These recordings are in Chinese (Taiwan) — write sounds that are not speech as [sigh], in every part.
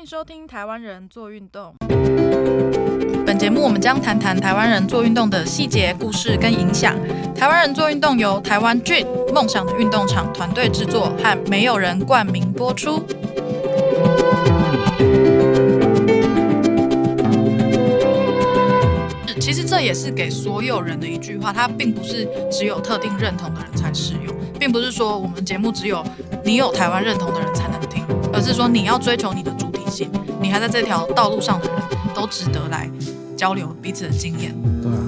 請收聽《台灣人做運動》。本節目我們將談談台灣人做運動的細節、故事跟影響。台灣人做運動由台灣 Dream 夢想的運動場團隊制作和沒有人冠名播出。其實這也是給所有人的一句話，它並不是只有特定認同的人才適用，並不是說我們節目只有你有台灣認同的人才能聽，而是說你要追求你的主。你還在這條道路上的人，都值得來交流彼此的經驗。對啊。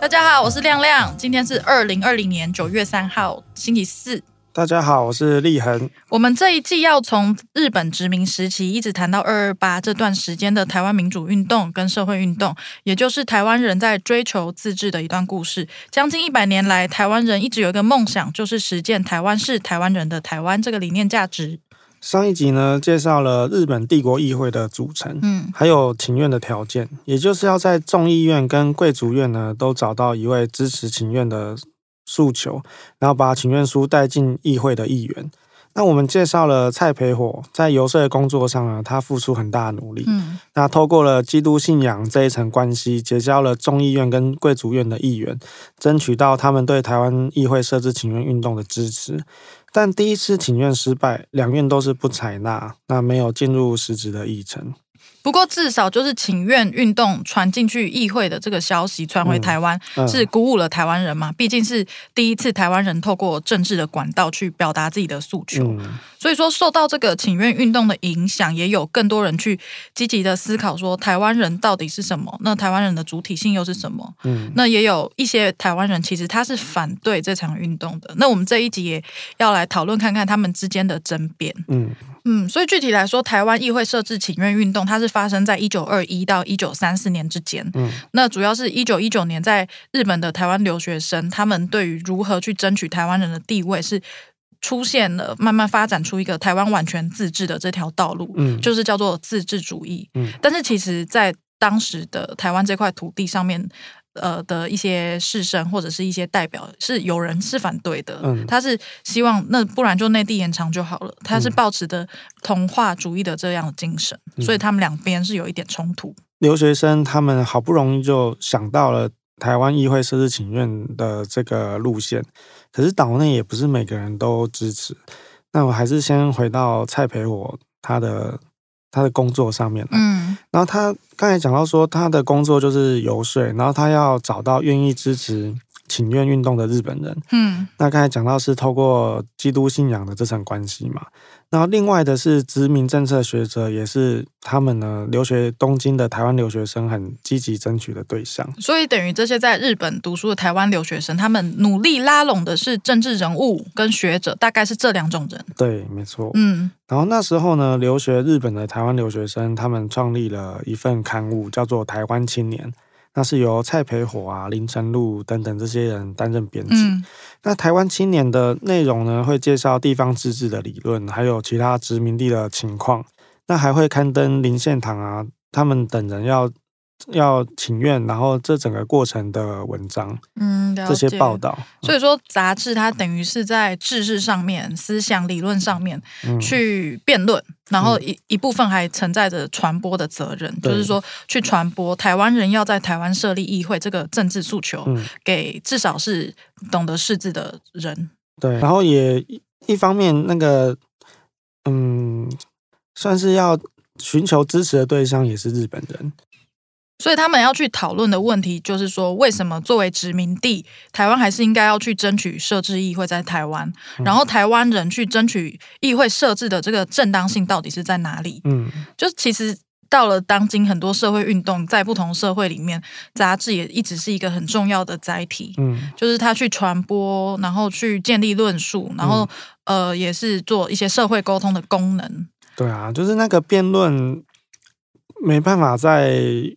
大家好，我是亮亮，今天是二零二零年九月三號，星期四。大家好，我是立恆。我們這一季要從日本殖民時期一直談到二二八這段時間的台灣民主運動跟社會運動，也就是台灣人在追求自治的一段故事。將近一百年來，台灣人一直有一個夢想，就是實踐台灣是台灣人的台灣這個理念價值。上一集呢，介紹了日本帝國議會的組成，嗯，還有請願的條件，也就是要在眾議院跟貴族院呢都找到一位支持請願的。訴求，然後把請願書帶進議會的議員。那我們介紹了蔡培火在遊說的工作上呢，他付出很大努力。嗯，那透過了基督信仰這一層關係，結交了眾議院跟貴族院的議員，爭取到他們對台灣議會設置請願運動的支持。但第一次請願失敗，兩院都是不採納，那沒有進入實質的議程。不過，至少就是請願運動傳進去議會的這個消息傳回台灣，是鼓舞了台灣人嘛？畢竟是第一次台灣人透過政治的管道去表達自己的訴求，所以說受到這個請願運動的影響，也有更多人去積極的思考說台灣人到底是什麼？那台灣人的主體性又是什麼？那也有一些台灣人其實他是反對這場運動的。那我們這一集也要來討論看看他們之間的爭辯。嗯。嗯，所以具體來說，臺灣議會設置請願運動，它是發生在一九二一到一九三四年之間。嗯，那主要是一九一九年，在日本的臺灣留學生，他們對於如何去爭取臺灣人的地位，是出現了慢慢發展出一個臺灣完全自治的這條道路。嗯，就是叫做自治主義。嗯，但是其實，在當時的臺灣這塊土地上面。呃的一些士紳或者是一些代表是有人是反對的，嗯、他是希望那不然就內地延長就好了，嗯、他是抱持的同化主義的這樣的精神，嗯，所以他們兩邊是有一點衝突。留學生他們好不容易就想到了台灣議會設置請願的這個路線，可是島內也不是每個人都支持。那我還是先回到蔡培火他的他的工作上面來。嗯。然後他剛才講到說，他的工作就是游說，然後他要找到願意支持，請願運動的日本人，嗯，那剛才講到是透過基督信仰的這層關係嘛，然後另外的是殖民政策學者，也是他們呢留學東京的台灣留學生很積極爭取的對象。所以等於這些在日本讀書的台灣留學生，他們努力拉攏的是政治人物跟學者，大概是這兩種人。對，沒錯。嗯，然後那時候呢，留學日本的台灣留學生，他們創立了一份刊物，叫做《台灣青年》。那是由蔡培火啊、林呈祿等等這些人擔任編輯。嗯。那台灣青年的內容呢，會介紹地方自治的理論，還有其他殖民地的情況。那還會刊登林獻堂啊他們等人要。要請願，然後這整個過程的文章，嗯，這些報道，所以說雜誌它等於是在知識上面、嗯、思想理論上面去辯論，然後一、嗯、一部分還存在着傳播的責任，就是說去傳播台灣人要在台灣設立議會這個政治訴求、嗯，給至少是懂得識字的人。對，然後也一方面那個，嗯，算是要尋求支持的對象也是日本人。所以他們要去討論的問題，就是說，為什麼作為殖民地，台灣還是應該要去爭取設置議會，在台灣，然後台灣人去爭取議會設置的這個正當性，到底是在哪裡？嗯，就其實到了當今很多社會運動，在不同社會裡面，雜誌也一直是一個很重要的載體。嗯，就是他去傳播，然後去建立論述，然後、嗯、呃，也是做一些社會溝通的功能。對啊，就是那個辯論沒辦法在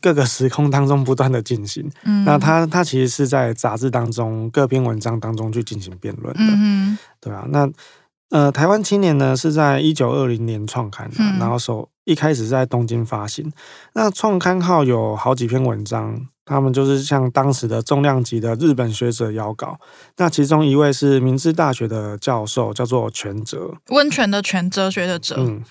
各個時空當中不斷的進行，嗯、那它它其實是在雜誌當中各篇文章當中去進行辯論的，嗯，對啊。那呃，台灣青年呢是在一九二零年創刊，嗯，然後首一開始是在東京發行。那創刊號有好幾篇文章，他們就是向當時的重量級的日本學者邀稿。那其中一位是明治大學的教授，叫做泉哲，溫泉的泉，哲學的哲。嗯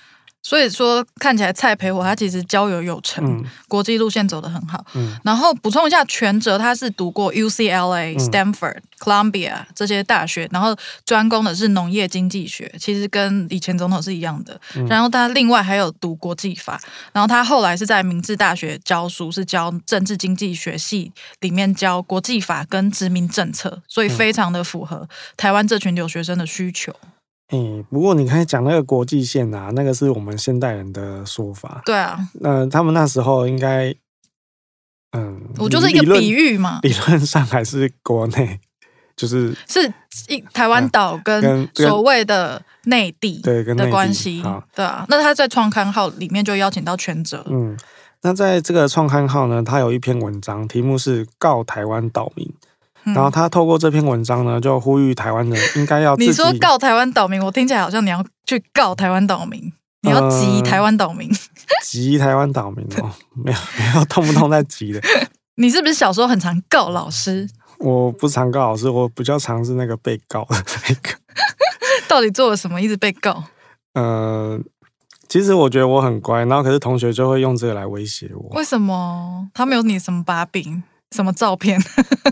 所以說，看起來蔡培火他其實交友有成，嗯、國際路線走得很好、嗯。然後補充一下，泉哲他是讀過 UCLA、嗯、Stanford、Columbia 這些大學，然後專攻的是農業經濟學，其實跟以前總統是一樣的、嗯。然後他另外還有讀國際法，然後他後來是在明治大學教書，是教政治經濟學系裡面教國際法跟殖民政策，所以非常的符合台灣這群留學生的需求。嗯哎、嗯，不過你剛才講那個國際線啊，那個是我們現代人的說法。對啊，那、呃、他們那時候應該，嗯，我就是一個比喻嘛。理論上還是國內，就是是台灣島跟所謂的內地的關係。對，對啊，那他在創刊號裡面就邀請到泉哲。嗯，那在這個創刊號呢，他有一篇文章，題目是《告台灣島民》。嗯、然後他透過這篇文章呢，就呼籲台灣人應該要。你說告台灣島民，我聽起來好像你要去告台灣島民，你要急台灣島民，急、呃、 [laughs] 台灣島民哦、喔，沒有沒有，痛不痛？在急的。 [laughs] 你是不是小時候很常告老師？我不常告老師，我比較常是那個被告的那個。 [laughs] [laughs] 到底做了什麼，一直被告？嗯、呃，其實我覺得我很乖，然後可是同學就會用這個來威脅我。為什麼？他沒有你什麼把柄？什麼照片？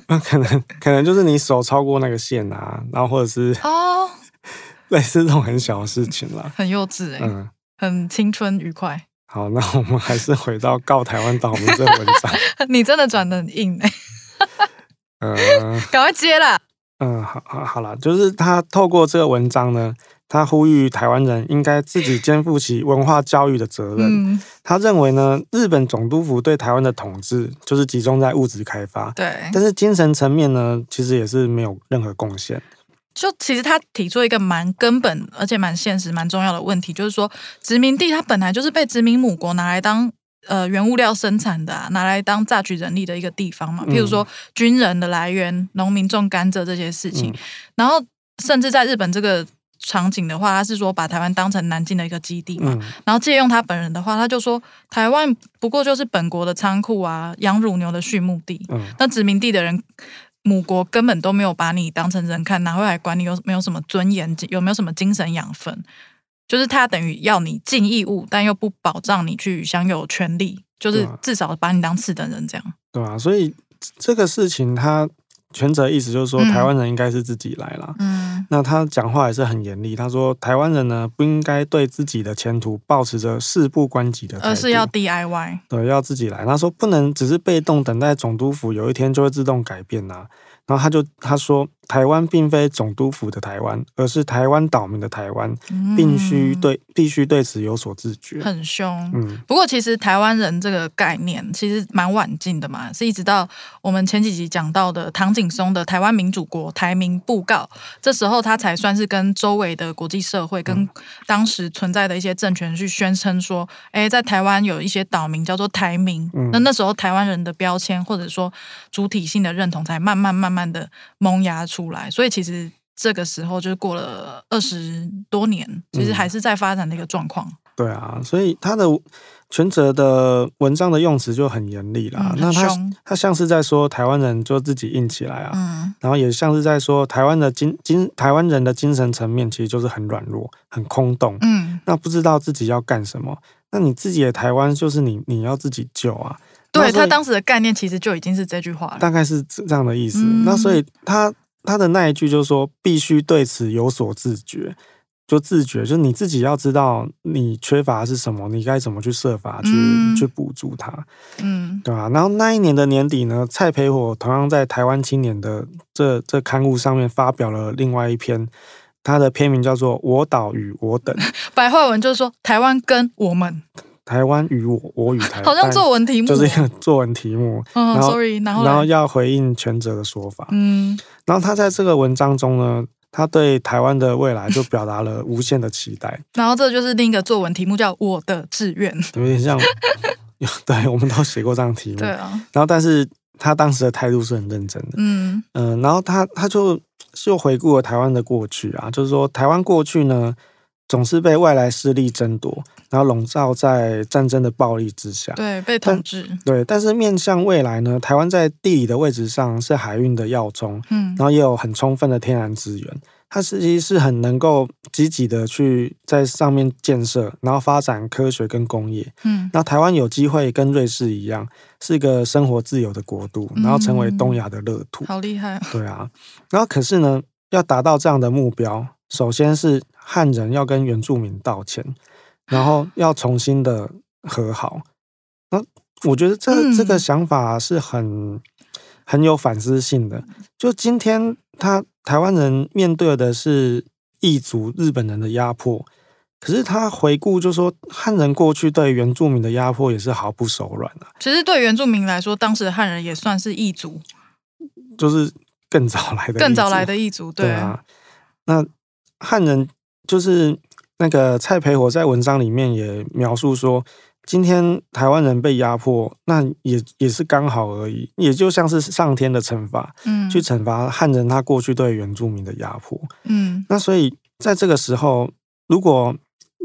那 [laughs] 可能可能就是你手超過那個線啊，然後或者是哦，類似這種很小的事情啦、嗯，很幼稚哎、欸，嗯，很青春愉快。好，那我們還是回到告台灣島民這個文章， [laughs] 你真的轉得很硬哎、欸，嗯 [laughs] 呃，趕快接啦。嗯，好好好啦，就是他透過這個文章呢。他呼籲台灣人應該自己肩負起文化教育的責任、嗯。他認為呢，日本總督府對台灣的統治就是集中在物質開發，對，但是精神層面呢，其實也是沒有任何貢獻。就其實他提出一個蠻根本而且蠻現實、蠻重要的問題，就是說殖民地它本來就是被殖民母國拿來當呃原物料生產的、啊，拿來當榨取人力的一個地方嘛。嗯、譬如說軍人的來源、農民種甘蔗這些事情、嗯，然後甚至在日本這個。場景的話，他是說把台灣當成南京的一個基地嘛，嗯、然後借用他本人的話，他就說台灣不過就是本國的倉庫啊，養乳牛的畜牧地、嗯。那殖民地的人，母國根本都沒有把你當成人看，哪會來管你有有沒有什麼尊嚴，有沒有什麼精神養分？就是他等於要你盡義務，但又不保障你去享有權利，就是至少把你當次等人這樣。對啊，對啊，所以這個事情他。泉哲的意思就是說，台灣人應該是自己來啦。嗯，那他講話也是很嚴厲。他說，台灣人呢不應該對自己的前途抱持着事不關己的態度，而是要 DIY，對，要自己來。他說，不能只是被動等待總督府有一天就會自動改變啦。然後他就他說。台灣並非總督府的台灣，而是台灣島民的台灣，嗯，必須對必須對此有所自覺。很凶，嗯。不過，其實台灣人這個概念其實蠻晚近的嘛，是一直到我們前幾集講到的唐景崧的《台灣民主國台民布告》，這時候他才算是跟周圍的國際社會、跟當時存在的一些政權去宣稱說：“哎，嗯，欸，在台灣有一些島民叫做台民。嗯”那那時候台灣人的標籤或者說主體性的認同，才慢慢慢慢的萌芽出。出來，所以其實這個時候就是過了二十多年，其實還是在發展的一個狀況。嗯、對啊，所以他的泉哲的文章的用詞就很嚴厲了、嗯。那他他像是在說台灣人就自己硬起來啊、嗯，然後也像是在說台灣的精精台灣人的精神層面其實就是很軟弱、很空洞。嗯，那不知道自己要幹什麼。那你自己的台灣就是你你要自己救啊。對，他當時的概念其實就已經是這句話了，大概是這樣的意思。嗯、那所以他。他的那一句就是說，必須對此有所自覺，就自覺，就是你自己要知道你缺乏的是什麼，你該怎麼去設法、嗯、去去補助他。嗯，對吧、啊？然後那一年的年底呢，蔡培火同樣在《台灣青年》的這這刊物上面發表了另外一篇，他的篇名叫做《我島與我等》，白話文就是說，台灣跟我們。台灣與我，我與台灣， [laughs] 好像作文題目，就是一個作文題目。 [laughs] 嗯然，sorry，然後然後要回應泉哲的說法。嗯，然後他在這個文章中呢，他對台灣的未來就表達了無限的期待。 [laughs] 然後這就是另一個作文題目，叫我的志願。有點像， [laughs] 對，我們都寫過這樣的題目。對啊。然後，但是他當時的態度是很認真的。嗯嗯、呃，然後他他就就回顧了台灣的過去啊，就是說台灣過去呢，總是被外來勢力爭奪。然後籠罩在戰爭的暴力之下，對，被統治。對，但是面向未來呢？台灣在地理的位置上是海運的要衝，嗯，然後也有很充分的天然資源，它其實是很能夠積極的去在上面建設，然後發展科學跟工業。嗯，那台灣有機會跟瑞士一樣，是一個生活自由的國度，然後成為東亞的樂土。嗯嗯，好厲害哦！對啊，然後可是呢，要達到這樣的目標，首先是漢人要跟原住民道歉。然後要重新的和好，那我覺得這、嗯、這個想法是很很有反思性的。就今天他，他台灣人面對的是異族日本人的壓迫，可是他回顧就說，漢人過去對原住民的壓迫也是毫不手軟的、啊。其實對原住民來說，當時的漢人也算是異族，就是更早來的、更早來的異族，對啊。對啊，那漢人就是。那個蔡培火在文章裡面也描述說，今天台灣人被壓迫，那也也是剛好而已，也就像是上天的懲罰，嗯，去懲罰漢人他過去對原住民的壓迫，嗯，那所以在這個時候，如果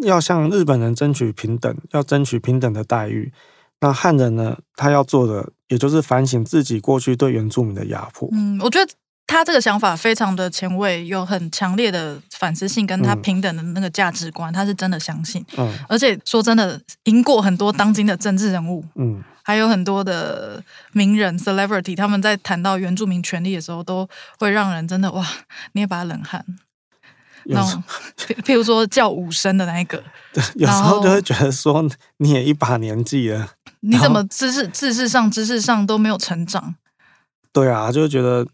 要向日本人爭取平等，要爭取平等的待遇，那漢人呢，他要做的也就是反省自己過去對原住民的壓迫，嗯，我覺得。他這個想法非常的前衛，有很強烈的反思性，跟他平等的那個價值觀，嗯，他是真的相信。嗯，而且說真的，贏過很多當今的政治人物，嗯，還有很多的名人 celebrity，他們在談到原住民權利的時候，都會讓人真的哇捏把冷汗。有，然後譬，譬如說叫武生的那一個，對，有時候就會覺得說你也一把年紀了，你怎麼知識、知識上、知識上都沒有成長？對啊，就覺得。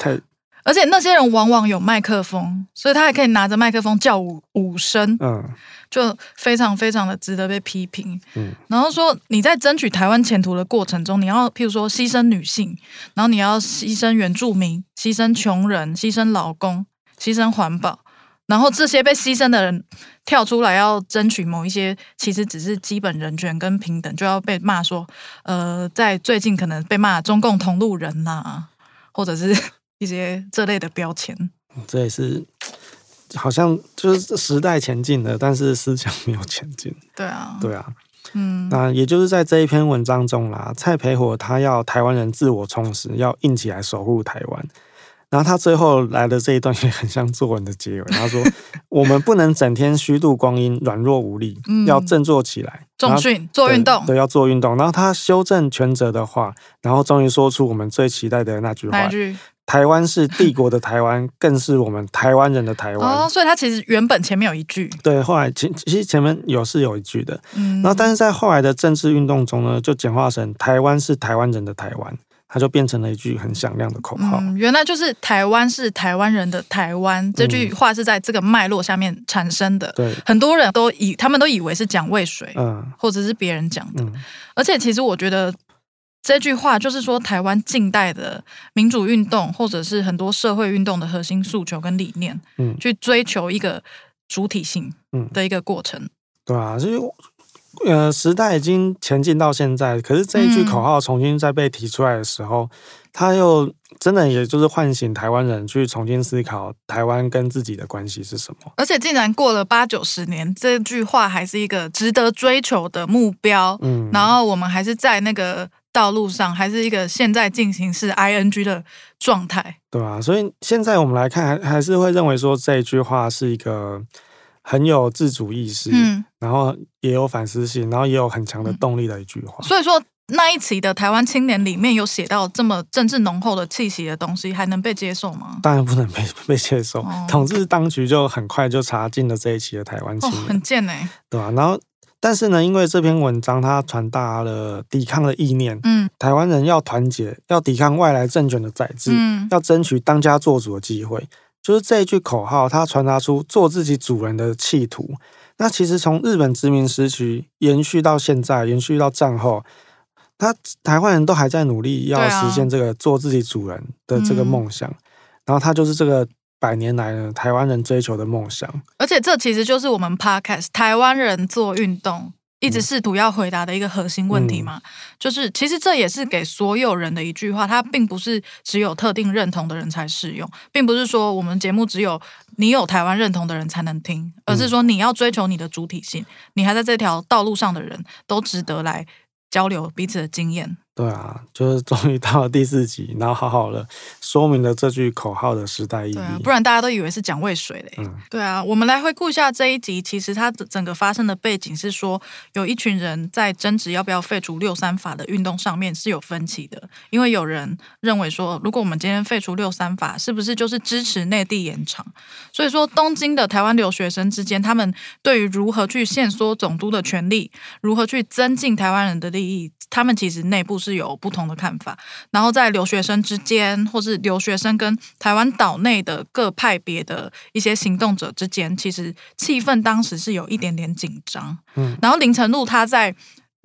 太，而且那些人往往有麥克風，所以他還可以拿着麥克風叫五五聲，嗯，就非常非常的值得被批評。嗯，然後說你在爭取台灣前途的過程中，你要譬如說犧牲女性，然後你要犧牲原住民，犧牲窮人，犧牲勞工，犧牲環保，然後這些被犧牲的人跳出來要爭取某一些，其實只是基本人權跟平等，就要被罵說，呃，在最近可能被罵中共同路人吶、啊，或者是。一些這類的標籤，這也是好像就是時代前進了，但是思想沒有前進。對啊，對啊，嗯。那也就是在這一篇文章中啦，蔡培火他要台灣人自我充實，要硬起來守護台灣。然後他最後來的這一段也很像作文的結尾，他 [laughs] 說：“我們不能整天虛度光陰，軟弱無力，嗯、要振作起來，重訓做運動。對，對，要做運動。”然後他修正全責的話，然後終於說出我們最期待的那句話。台灣是帝國的台灣， [laughs] 更是我們台灣人的台灣。哦，所以它其實原本前面有一句，對，後來其其實前面有是有一句的，嗯，然後但是在後來的政治運動中呢，就簡化成“台灣是台灣人的台灣”，它就變成了一句很響亮的口號，嗯。原來就是“台灣是台灣人的台灣”這句話是在這個脈絡下面產生的。對、嗯，很多人都以他們都以為是蔣渭水，嗯，或者是別人講的、嗯，而且其實我覺得。這句話就是說，台灣近代的民主運動，或者是很多社會運動的核心訴求跟理念，嗯，去追求一個主體性，嗯，的一個過程。嗯嗯、對啊，就是呃，時代已經前進到現在，可是這一句口號重新再被提出來的時候，他、嗯、又真的也就是喚醒台灣人去重新思考台灣跟自己的關係是什麼。而且，竟然過了八九十年，這句話還是一個值得追求的目標。嗯，然後我們還是在那個。道路上，還是一個現在進行式 ing 的狀態，對吧？啊？所以現在我們來看，還還是會認為說，這一句話是一個很有自主意識，嗯，然後也有反思性，然後也有很強的動力的一句話。嗯、所以說那一期的台灣青年裡面有寫到這麼政治濃厚的氣息的東西，還能被接受嗎？當然不能被被接受、哦，統治當局就很快就查禁了這一期的台灣青年，哦，很賤哎、欸，對吧？啊？然後。但是呢，因為這篇文章它傳達了抵抗的意念，嗯，台灣人要團結，要抵抗外來政權的宰制，嗯，要爭取當家做主的機會，就是這一句口號，它傳達出做自己主人的企圖。那其實從日本殖民時期延續到現在，延續到戰後，他台灣人都還在努力要實現這個做自己主人的這個夢想，嗯、然後他就是這個。百年來，台灣人追求的夢想，而且這其實就是我們 podcast 台灣人做運動一直試圖要回答的一個核心問題嘛。嗯。就是，其實這也是給所有人的一句話，它並不是只有特定認同的人才適用，並不是說我們節目只有你有台灣認同的人才能聽，而是說你要追求你的主體性，嗯，你還在這條道路上的人，都值得來交流彼此的經驗。對啊，就是終於到了第四集，然後好好的說明了這句口號的時代意義。啊、不然大家都以為是講渭水嘞。嗯，對啊，我們來回顧一下這一集。其實它整個發生的背景是說，有一群人在爭執要不要廢除六三法的運動上面是有分歧的。因為有人認為說，如果我們今天廢除六三法，是不是就是支持內地延長？所以說，東京的台灣留學生之間，他們對於如何去限縮總督的權力，如何去增進台灣人的利益，他們其實內部。是有不同的看法，然後在留學生之間，或是留學生跟台灣島內的各派別的一些行動者之間，其實氣氛當時是有一點點緊張。嗯，然後林呈祿他在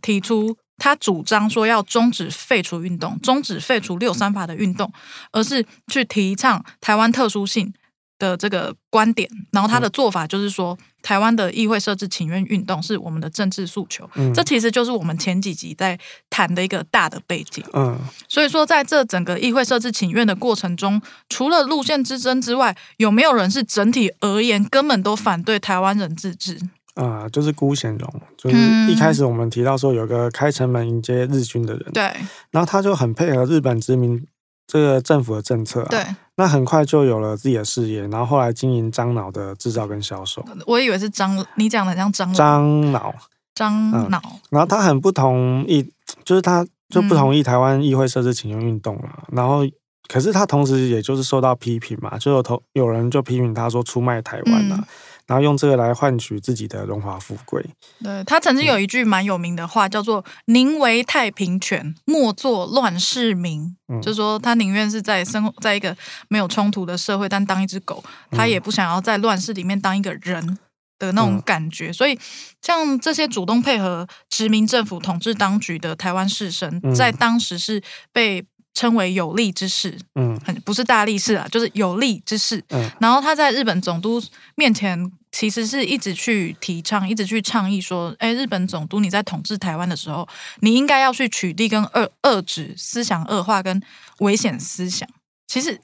提出他主張說要終止廢除運動，終止廢除六三法的運動，而是去提倡台灣特殊性。的這個觀點，然後他的做法就是說，嗯、台灣的議會設置請願運動是我們的政治訴求、嗯，這其實就是我們前幾集在談的一個大的背景。嗯，所以說在這整個議會設置請願的過程中，除了路線之爭之外，有沒有人是整體而言根本都反對台灣人自治？啊、嗯，就是辜顯榮，就是一開始我們提到說有個開城門迎接日軍的人，對、嗯，然後他就很配合日本殖民這個政府的政策啊，對。那很快就有了自己的事業，然後後來經營樟腦的製造跟銷售。我以為是樟，你講的很像樟腦。樟腦，腦、嗯嗯。然後他很不同意，就是他就不同意台灣議會設置請願運動嘛、啊嗯、然後，可是他同時也就是受到批評嘛，就有同有人就批評他說出賣台灣了、啊。嗯然後用這個來換取自己的榮華富貴。對，他曾經有一句蠻有名的話，嗯、叫做“寧為太平犬，莫做亂世民”，嗯、就是說他寧願是在生活在一個沒有衝突的社會，但當一隻狗，他也不想要在亂世裡面當一個人的那種感覺。嗯、所以，像這些主動配合殖民政府統治當局的台灣士紳、嗯，在當時是被。稱為有力之士，嗯，很不是大力士啊，就是有力之士、嗯。然後他在日本總督面前，其實是一直去提倡、一直去倡議說：“欸、日本總督，你在統治台灣的時候，你應該要去取締跟遏遏止思想惡化跟危險思想。”其實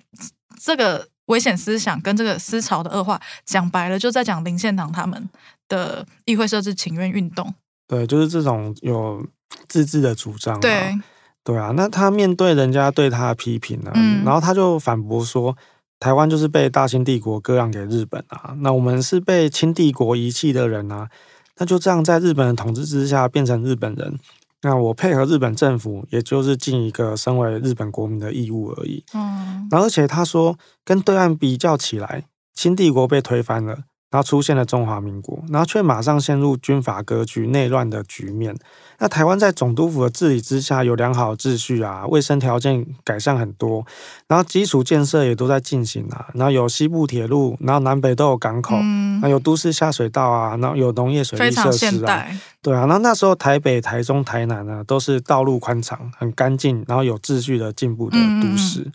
這個危險思想跟這個思潮的惡化，講白了，就在講林獻堂他們的議會設置請願運動。對，就是這種有自治的主張。對。對啊，那他面對人家對他的批評呢，啊，嗯，然後他就反駁說，台灣就是被大清帝國割讓給日本啊，那我們是被清帝國遺棄的人啊，那就這樣在日本的統治之下變成日本人，那我配合日本政府，也就是盡一個身為日本國民的義務而已。嗯，然後而且他說跟對岸比較起來，清帝國被推翻了。然後出現了中華民國，然後卻馬上陷入軍閥割據、內亂的局面。那台灣在總督府的治理之下，有良好的秩序啊，衛生條件改善很多，然後基礎建設也都在進行啊。然後有西部鐵路，然後南北都有港口，那、嗯、有都市下水道啊，然後有農業水利設施啊。非常現代。對啊，那那時候台北、台中、台南啊，都是道路寬敞、很乾淨，然後有秩序的進步的都市。嗯、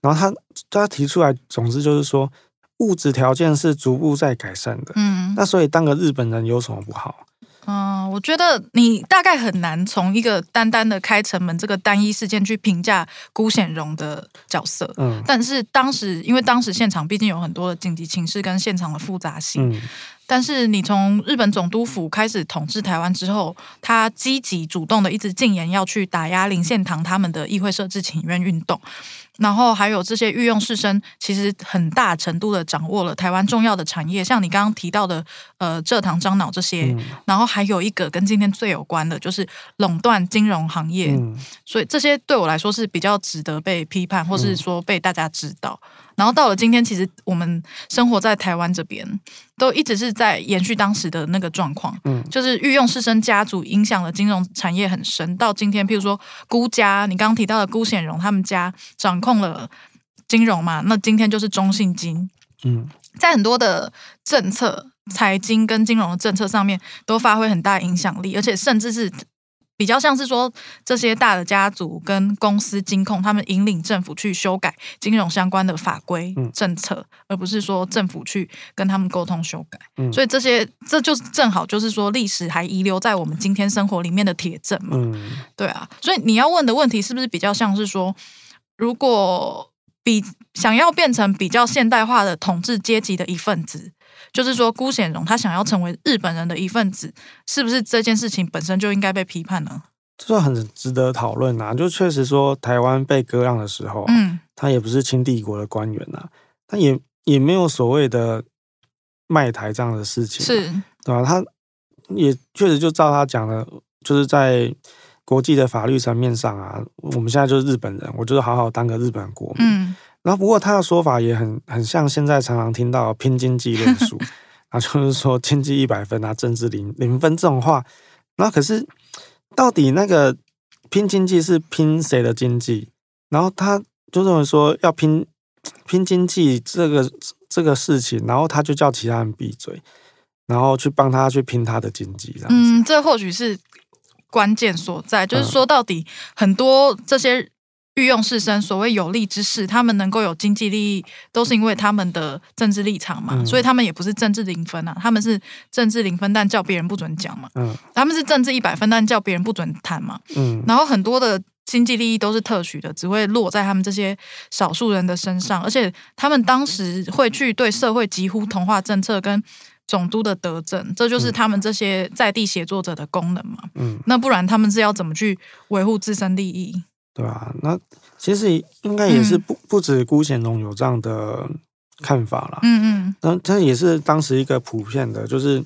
然後他他提出來，總之就是說。物質條件是逐步在改善的，嗯，那所以當個日本人有什麼不好？嗯，我覺得你大概很難從一個單單的開城門這個單一事件去評價辜顯榮的角色，嗯，但是當時因為當時現場畢竟有很多的緊急情勢跟現場的複雜性，嗯，但是你從日本總督府開始統治台灣之後，他積極主動的一直禁言要去打壓林獻堂他們的議會設置請願運動。然後還有這些御用士紳，其實很大程度的掌握了台灣重要的產業，像你剛剛提到的，呃蔗糖、樟腦這些、嗯。然後還有一個跟今天最有關的，就是壟斷金融行業。嗯、所以這些對我來說是比較值得被批判，或是說被大家知道。嗯嗯然後到了今天，其實我們生活在台灣這邊，都一直是在延續當時的那個狀況。嗯，就是御用仕紳家族影響了金融產業很深。到今天，譬如說辜家，你剛剛提到的辜顯榮，他們家掌控了金融嘛，那今天就是中信金，嗯，在很多的政策、財經跟金融的政策上面都發揮很大影響力，而且甚至是。比較像是說，這些大的家族跟公司金控，他們引領政府去修改金融相關的法規政策，嗯，而不是說政府去跟他們溝通修改，嗯。所以這些，這就是正好就是說歷史還遺留在我們今天生活裡面的鐵證嘛，嗯。對啊，所以你要問的問題是不是比較像是說，如果比想要變成比較現代化的統治階級的一份子？就是說，辜顯榮他想要成為日本人的一份子，是不是這件事情本身就應該被批判呢？這、就是、很值得討論啊！就確實說，台灣被割讓的時候，嗯，他也不是清帝國的官員吶、啊，他也也沒有所謂的賣台這樣的事情、啊，是，對吧？他也確實就照他講的，就是在國際的法律層面上啊，我們現在就是日本人，我就是好好當個日本國民。嗯然後，不過他的說法也很很像現在常常聽到拼經濟論述， [laughs] 啊，就是說，經濟一百分啊，政治零零分這種話。那可是到底那個拼經濟是拼誰的經濟？然後他就認為說要拼拼經濟這個這個事情，然後他就叫其他人閉嘴，然後去幫他去拼他的經濟。嗯，這或許是關鍵所在。就是說到底，很多這些。御用仕紳，所謂有力之士，他們能夠有經濟利益，都是因為他們的政治立場嘛、嗯。所以他們也不是政治零分啊，他們是政治零分，但叫別人不准講嘛、嗯。他們是政治一百分，但叫別人不准談嘛、嗯。然後很多的經濟利益都是特許的，只會落在他們這些少數人的身上。而且他們當時會去對社會疾呼同化政策，跟總督的德政，這就是他們這些在地協作者的功能嘛、嗯。那不然他們是要怎麼去維護自身利益？對吧、啊？那其實應該也是不、嗯、不止辜顯榮有這樣的看法啦。嗯嗯，那這也是當時一個普遍的，就是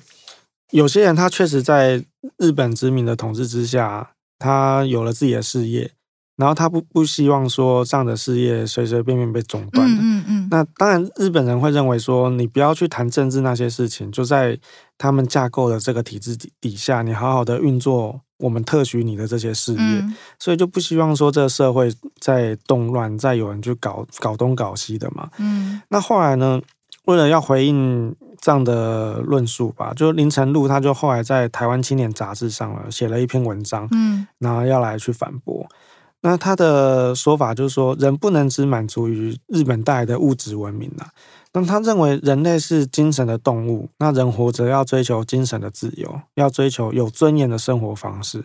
有些人他確實在日本殖民的統治之下，他有了自己的事業，然後他不不希望說這樣的事業隨隨便便，便被中斷的。嗯嗯嗯。那當然，日本人會認為說你不要去談政治那些事情，就在，他們架構的這個體制底下，你好好的運作我們特許你的這些事業。嗯，所以就不希望說這個社會再動亂，再有人去搞搞東搞西的嘛。嗯，那後來呢，為了要回應這樣的論述吧，就林呈祿，他就後來在《台灣青年雜誌》上了寫了一篇文章，嗯，然後要來去反駁。那他的說法就是說，人不能只滿足於日本帶來的物質文明了啊。那他認為人類是精神的動物，那人活着要追求精神的自由，要追求有尊嚴的生活方式。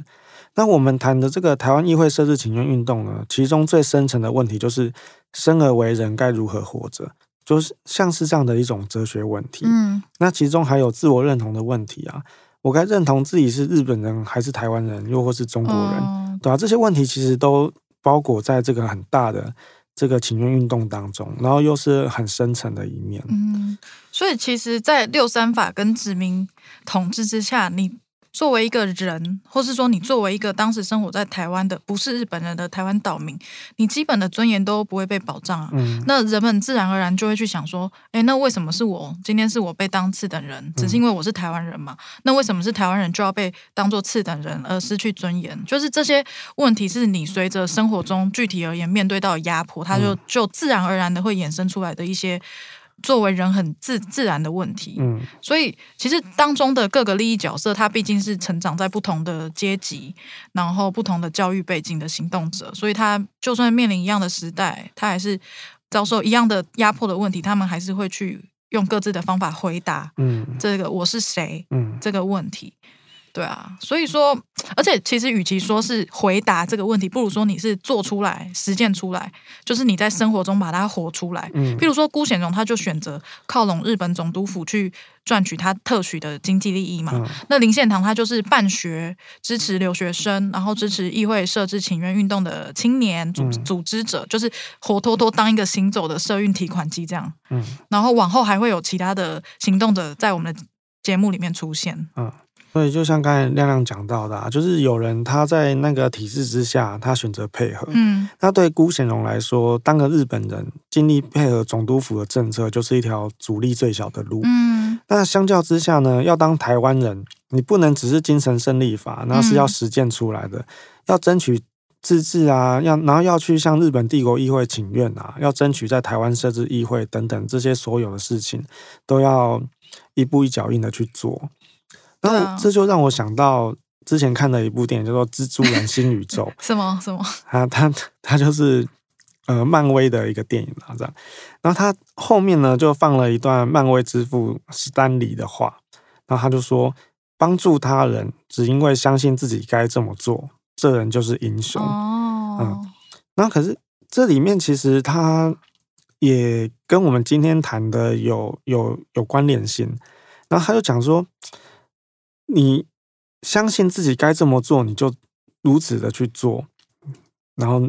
那我們談的這個台灣議會設置請願運動呢，其中最深層的問題就是生而為人該如何活着，就是像是這樣的一種哲學問題。嗯，那其中還有自我認同的問題啊，我該認同自己是日本人還是台灣人，又或是中國人。嗯。對啊，這些問題其實都包裹在這個很大的。這個請願運動當中，然後又是很深沉的一面。嗯，所以其實，在六三法跟殖民統治之下，你。作為一個人，或是說你作為一個當時生活在台灣的不是日本人的台灣島民，你基本的尊嚴都不會被保障啊。那人們自然而然就會去想說，誒，那為什麼是我？今天是我被當次等人，只是因為我是台灣人嘛？那為什麼是台灣人就要被當做次等人而失去尊嚴？就是這些問題是你隨着生活中具體而言面對到壓迫，他就就自然而然的會衍生出來的一些。作為人很自自然的問題，嗯，所以其實當中的各個利益角色，他畢竟是成長在不同的階級，然後不同的教育背景的行動者，所以他就算面臨一樣的時代，他還是遭受一樣的壓迫的問題，他們還是會去用各自的方法回答，嗯，這個我是誰，嗯，這個問題。對啊，所以說，而且其實，與其說是回答這個問題，不如說你是做出來、實踐出來，就是你在生活中把它活出來。嗯、譬比如說辜顯榮，他就選擇靠攏日本總督府去賺取他特許的經濟利益嘛、嗯。那林獻堂他就是辦學、支持留學生，然後支持議會設置請願運動的青年組組織者、嗯，就是活脫脫當一個行走的社運提款機這樣、嗯。然後往後還會有其他的行動者在我們的節目裡面出現。嗯嗯所以就像剛才亮亮講到的、啊，就是有人他在那個體制之下，他選擇配合。嗯、那對辜顯榮來說，當個日本人，盡力配合總督府的政策，就是一條阻力最小的路、嗯。那相較之下呢，要當台灣人，你不能只是精神勝利法，那是要實踐出來的，嗯、要爭取自治啊，要然後要去向日本帝國議會請願啊，要爭取在台灣設置議會等等，這些所有的事情，都要一步一腳印的去做。這就讓我想到之前看的一部電影，叫做《蜘蛛人：新宇宙》 [laughs] 是嗎？什麼什麼？啊，他就是呃，漫威的一個電影啊，這樣。然後他後面呢，就放了一段漫威之父史丹李的話。然後他就說：“幫助他人，只因為相信自己該這麼做，這人就是英雄。Oh. ”哦、嗯，然後可是這裡面其實他也跟我們今天談的有有有關聯性。然後他就講說。你相信自己該這麼做，你就如此的去做。然後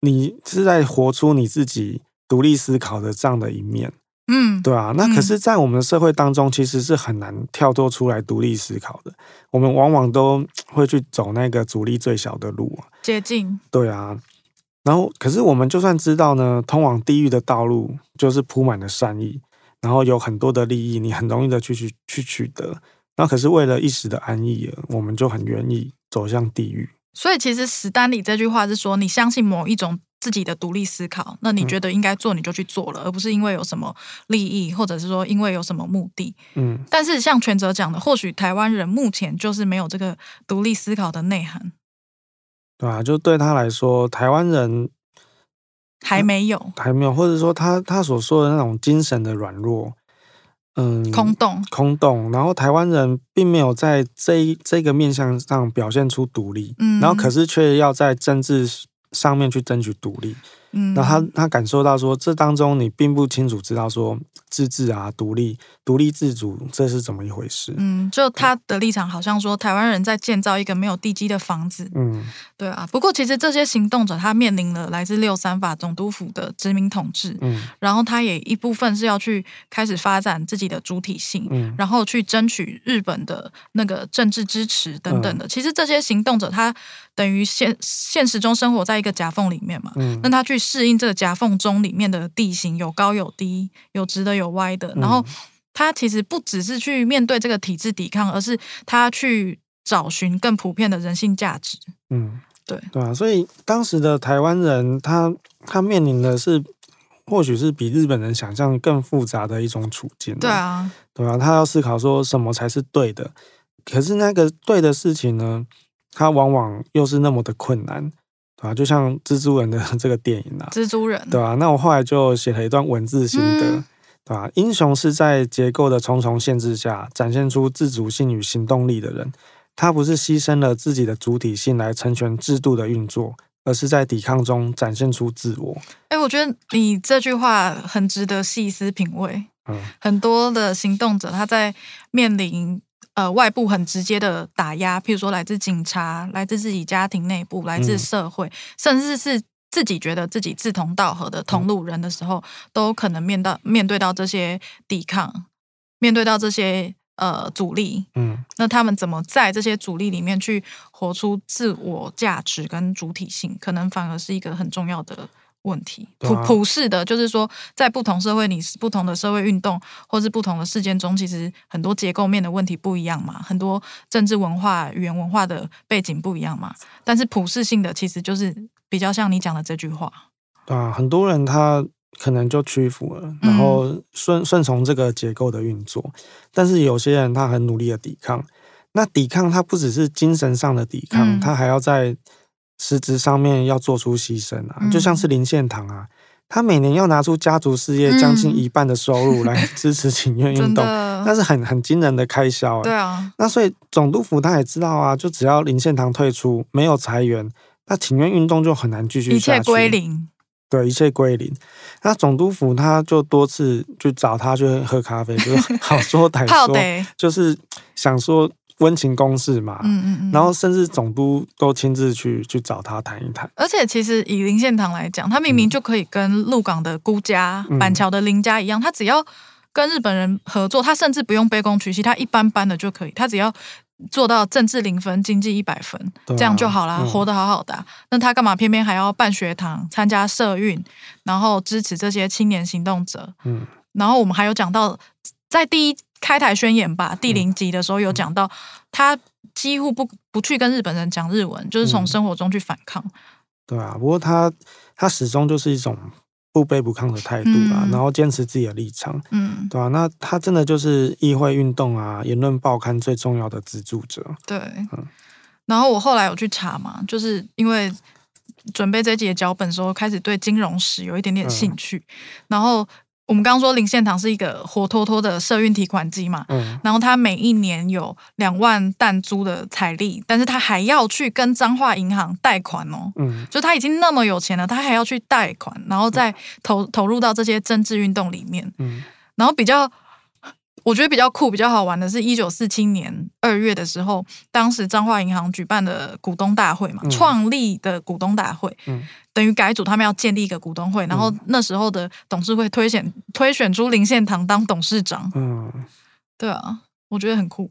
你是在活出你自己獨立思考的這樣的一面，嗯，對啊。嗯。那可是，在我們的社會當中，其實是很難跳脫出來獨立思考的。我們往往都會去走那個阻力最小的路，捷徑。對啊。然後，可是我們就算知道呢，通往地獄的道路就是鋪滿了善意，然後有很多的利益，你很容易的去去去取得。那可是為了一時的安逸，我們就很願意走向地獄。所以，其實史丹李這句話是說，你相信某一種自己的獨立思考，那你覺得應該做，你就去做了。嗯，而不是因為有什麼利益，或者是說因為有什麼目的。嗯。但是，像泉哲講的，或許台灣人目前就是沒有這個獨立思考的內涵。對啊，就對他來說，台灣人還沒有，呃，還沒有，或者說他他所說的那種精神的軟弱。嗯，空洞，空洞。然後台灣人並沒有在這一這個面向上表現出獨立，嗯，然後可是卻要在政治上面去爭取獨立，嗯，然後他他感受到說，這當中你並不清楚知道說。自治啊，獨立、獨立自主，這是怎麼一回事？嗯，就他的立場，好像說台灣人在建造一個沒有地基的房子。嗯，對啊。不過，其實這些行動者他面臨了來自六三法總督府的殖民統治。嗯，然後他也一部分是要去開始發展自己的主體性，嗯、然後去爭取日本的那個政治支持等等的。嗯、其實這些行動者他等於現現實中生活在一個夾縫裡面嘛。嗯，那他去適應這個夾縫中裡面的地形，有高有低，有直的。有歪的，然後他其實不只是去面對這個體制抵抗，而是他去找尋更普遍的人性價值。嗯，對對啊，所以當時的台灣人，他他面臨的是，或許是比日本人想象更複雜的一種處境。對啊，對啊，他要思考說什麼才是對的，可是那個對的事情呢，他往往又是那麼的困難。對啊，就像蜘蛛人的這個電影啊，蜘蛛人，對啊。那我後來就寫了一段文字心得，嗯。對吧？英雄是在結構的重重限制下展現出自主性與行動力的人，他不是犧牲了自己的主體性來成全制度的運作，而是在抵抗中展現出自我。哎、欸，我覺得你這句話很值得細思品味。嗯，很多的行動者他在面臨呃外部很直接的打壓，譬如說來自警察、來自自己家庭內部、來自社會，嗯、甚至是。自己覺得自己志同道合的同路人的時候，嗯、都可能面到面對到這些抵抗，面對到這些呃阻力。嗯，那他們怎麼在這些阻力裡面去活出自我價值跟主體性，可能反而是一個很重要的問題。嗯、普普世的，就是說，在不同社會裡、不同的社會運動或是不同的事件中，其實很多結構面的問題不一樣嘛，很多政治文化、語言文化的背景不一樣嘛。但是普世性的，其實就是。比較像你講的這句話，對啊，很多人他可能就屈服了，然後順順從這個結構的運作。但是有些人他很努力的抵抗，那抵抗他不只是精神上的抵抗，嗯、他還要在實質上面要做出犧牲啊、嗯，就像是林獻堂啊，他每年要拿出家族事業將近一半的收入來支持請願運動，那、嗯、 [laughs] 是很很驚人的開銷、欸，對啊。那所以總督府他也知道啊，就只要林獻堂退出，沒有財源，那請願運動就很難繼續下去，一切歸零，對，一切歸零。那總督府他就多次去找他去喝咖啡，就是、好說歹說， [laughs] 泡泡就是想說溫情攻勢嘛。嗯嗯嗯。然後甚至總督都親自去去找他談一談。而且其實以林獻堂來講，他明明就可以跟鹿港的辜家、嗯、板橋的林家一樣，他只要跟日本人合作，他甚至不用卑躬屈膝，他一般般的就可以，他只要。做到政治零分，經濟一百分，啊，這樣就好啦，活得好好的，啊嗯。那他幹嘛偏偏還要辦學堂，參加社運，然後支持這些青年行動者？嗯，然後我們還有講到，在第一開台宣言吧，第零集的時候，嗯、有講到，他幾乎不不去跟日本人講日文，就是從生活中去反抗。嗯、對啊，不過他他始終就是一種。不卑不亢的態度啊，嗯、然後堅持自己的立場，嗯，對吧、啊？那他真的就是議會運動啊、言論報刊最重要的資助者，對、嗯。然後我後來有去查嘛，就是因為準備這幾個腳本時候，開始對金融史有一點點興趣，嗯、然後。我們剛剛說林獻堂是一個活脫脫的社運提款機嘛，嗯、然後他每一年有兩萬擔租的財力，但是他還要去跟彰化銀行貸款哦、嗯，就他已經那麼有錢了，他還要去貸款，然後再投、嗯、投入到這些政治運動裡面，然後比較。我覺得比較酷、比較好玩的，是1947年二月的時候，當時彰化銀行舉辦的股東大會嘛，創、嗯、立的股東大會，嗯、等於改組，他們要建立一個股東會、嗯，然後那時候的董事會推選推選出林獻堂當董事長。嗯，對啊，我覺得很酷。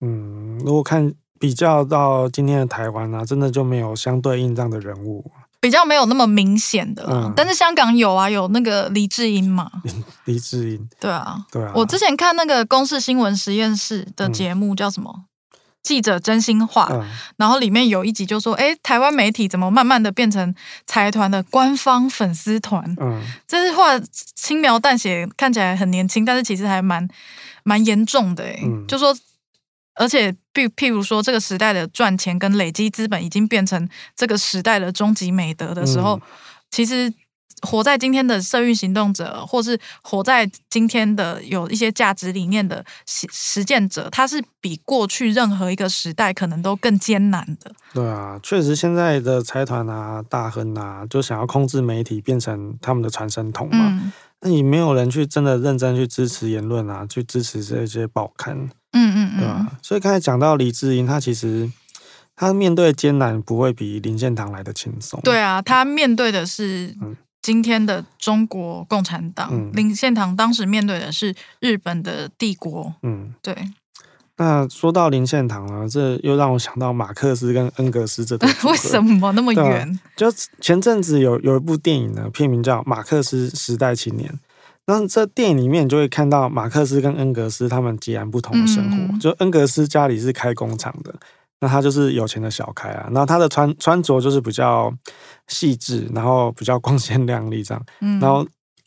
嗯，如果看比較到今天的台灣呢、啊，真的就沒有相對應這樣的人物。比較沒有那麼明顯的、嗯、但是香港有啊，有那個黎智英嘛，李。黎智英，對啊，對啊。我之前看那個《公視新聞實驗室》的節目，叫什麼、嗯，《記者真心話》嗯，然後裡面有一集就說，誒、欸、台灣媒體怎麼慢慢的變成財團的官方粉絲團？嗯，這句話輕描淡寫，看起來很年輕，但是其實還蠻蠻嚴重的哎、欸嗯，就說。而且，譬譬如說，這個時代的賺錢跟累積資本已經變成這個時代的終極美德的時候、嗯，其實活在今天的社運行動者，或是活在今天的有一些價值理念的實實踐者，他是比過去任何一個時代可能都更艱難的。對啊，確實，現在的財團啊、大亨啊，就想要控制媒體，變成他們的傳聲筒嘛。那、嗯、你沒有人去真的認真去支持言論啊，去支持這些報刊。嗯,嗯嗯，對啊，所以剛才講到李智英，他其實他面對艱難不會比林獻堂來得輕鬆。對啊，他面對的是今天的中國共產黨、嗯嗯，林獻堂當時面對的是日本的帝國。嗯，對。那說到林獻堂啊這又讓我想到馬克思跟恩格斯這段。 [laughs] 為什麼那麼遠、啊？就前陣子有有一部電影呢，片名叫《馬克思時代青年》。那這電影裡面就會看到馬克思跟恩格斯他們截然不同的生活、嗯。嗯、就恩格斯家裡是開工廠的，那他就是有錢的小開啊。然後他的穿穿着就是比較細緻，然後比較光鮮亮麗這樣。嗯、然後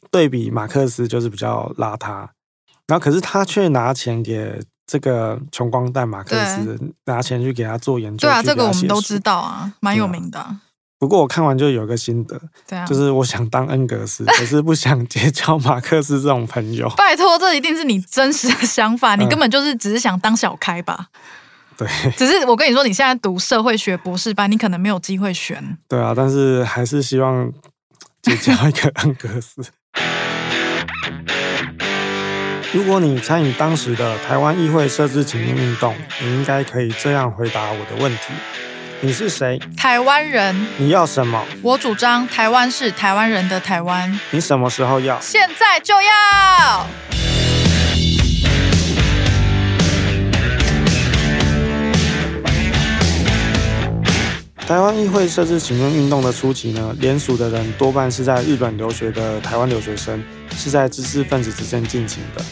對比馬克思就是比較邋遢。然後可是他卻拿錢給這個窮光蛋馬克思拿錢去給他做研究。對啊，這個我們都知道啊，蠻有名的、啊。不過我看完就有個心得，就是我想當恩格斯，可是不想結交馬克思這種朋友。 [laughs] 拜託，這一定是你真實的想法，嗯，你根本就是只是想當小開吧？對，只是我跟你說，你現在讀社會學博士班，你可能沒有機會選。對啊，但是還是希望結交一個恩格斯。 [laughs] 如果你參與當時的台灣議會設置請願運動，你應該可以這樣回答我的問題。你是誰？台灣人。你要什麼？我主張台灣是台灣人的台灣。你什麼時候要？現在就要。台灣議會設置請願運動的初期呢，聯署的人多半是在日本留學的台灣留學生，是在知識分子之間進行的。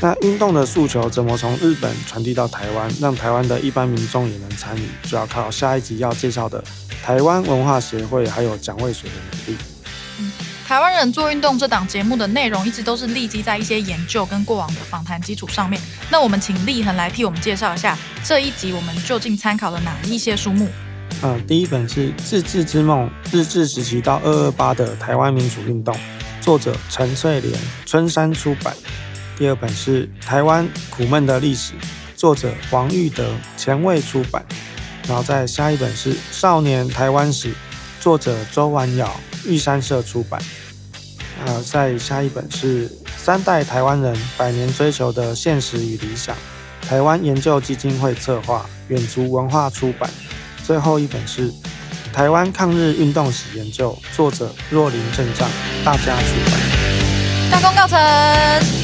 那運動的訴求怎麼從日本傳遞到台灣，讓台灣的一般民眾也能參與，主要靠下一集要介紹的台灣文化協會還有蔣渭水的努力。嗯，台灣人做運動這檔節目的內容一直都是立基在一些研究跟過往的訪談基礎上面。那我們請立恆來替我們介紹一下這一集我們究竟參考了哪一些書目？嗯，第一本是《自治之夢：日治時期到二二八的台灣民主運動》，作者陳翠蓮，春山出版。第二本是《台灣苦悶的歷史》，作者王育德，前衛出版。然後再下一本是《少年台灣史》，作者周婉窈，玉山社出版。啊，再下一本是《三代台灣人百年追求的現實與理想》，台灣研究基金會策劃，遠足文化出版。最後一本是《台灣抗日運動史研究》，作者若林正丈，大家出版。大功告成。